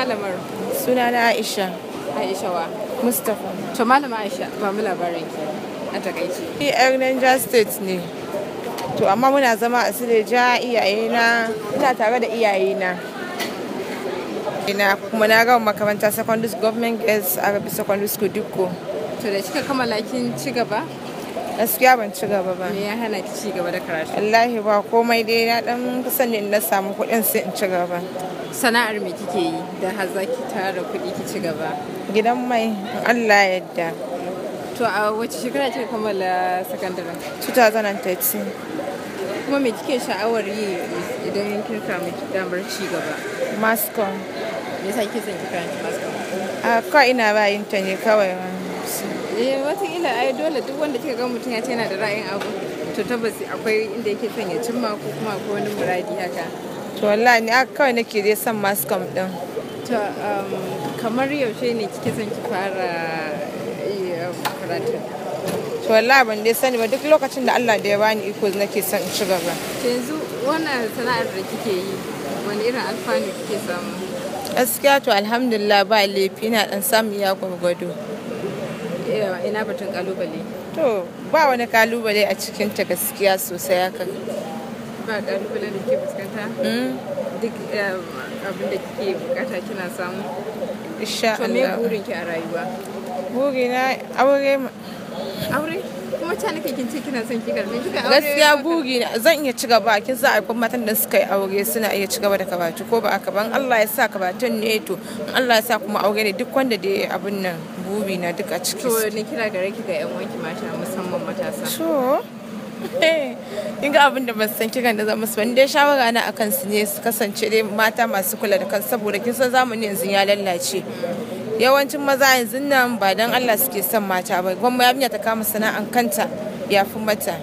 Malamar. Suna na Aisha. Aisha wa? Mustapha. To Malama Aisha ba mu labarin ki a takaici Ni yan Niger State ne. To amma muna zama a ja iyayena ina tare da iyayena. Ina kuma na gama makaranta secondary government girls Arabic secondary school Dukko. To da kika kammala kin ci gaba? gaskiya ban ci gaba ba me ya hana ki ci gaba da karatu wallahi ba komai dai na dan kusan na samu kuɗin sai in ci gaba sana'ar me kike yi da har za ki tara kuɗi ki ci gaba gidan mai Allah yadda to a wace shekara kika kammala sakandare 2013 kuma me kike sha'awar yi idan kin samu damar ci gaba mascom me yasa kike son kika mascom a kawai ina bayin ta ne kawai eh wataƙila ai dole duk wanda kika ga mutum ya ce yana da ra'ayin abu to tabbas akwai inda yake son ya cimma ko kuma akwai wani muradi haka to wallahi ni aka kawai nake dai son mascom din to um, kamar yaushe ne kike son ki fara eh, um, karatu to wallahi ban dai sani ba duk lokacin da Allah da ya bani iko nake son in ci gaba to yanzu wannan sana'ar da kike yi wani irin alfanu kike samu gaskiya to alhamdulillah ba laifi na dan samu ya gwargwado ina batun kalubale to ba wani kalubale a cikin ta gaskiya sosai haka ba kalubale da ke fuskanta hmm? duk eh, abin da ke bukata kina samu insha Allah to me burin ki a rayuwa burina aure aure kuma ta nake kin ce kina son ki karbe kika aure gaskiya na zan iya ci gaba kin za a kuma matan da suka yi aure suna iya ci gaba da kabatu ko ba aka ban Allah ya sa kabatun ne to Allah ya sa kuma aure ne duk wanda da abin nan guri na duk a ciki to ne kira gare ki ga yan wanki mata musamman matasa to in ga abin da ban san kiran da zama ban dai shawara na akan su ne su kasance dai mata masu kula da kan saboda kin san zamani yanzu ya lalace yawancin maza yanzu nan ba dan Allah suke son mata ba gwamma ya ta kama sana'an kanta ya fi mata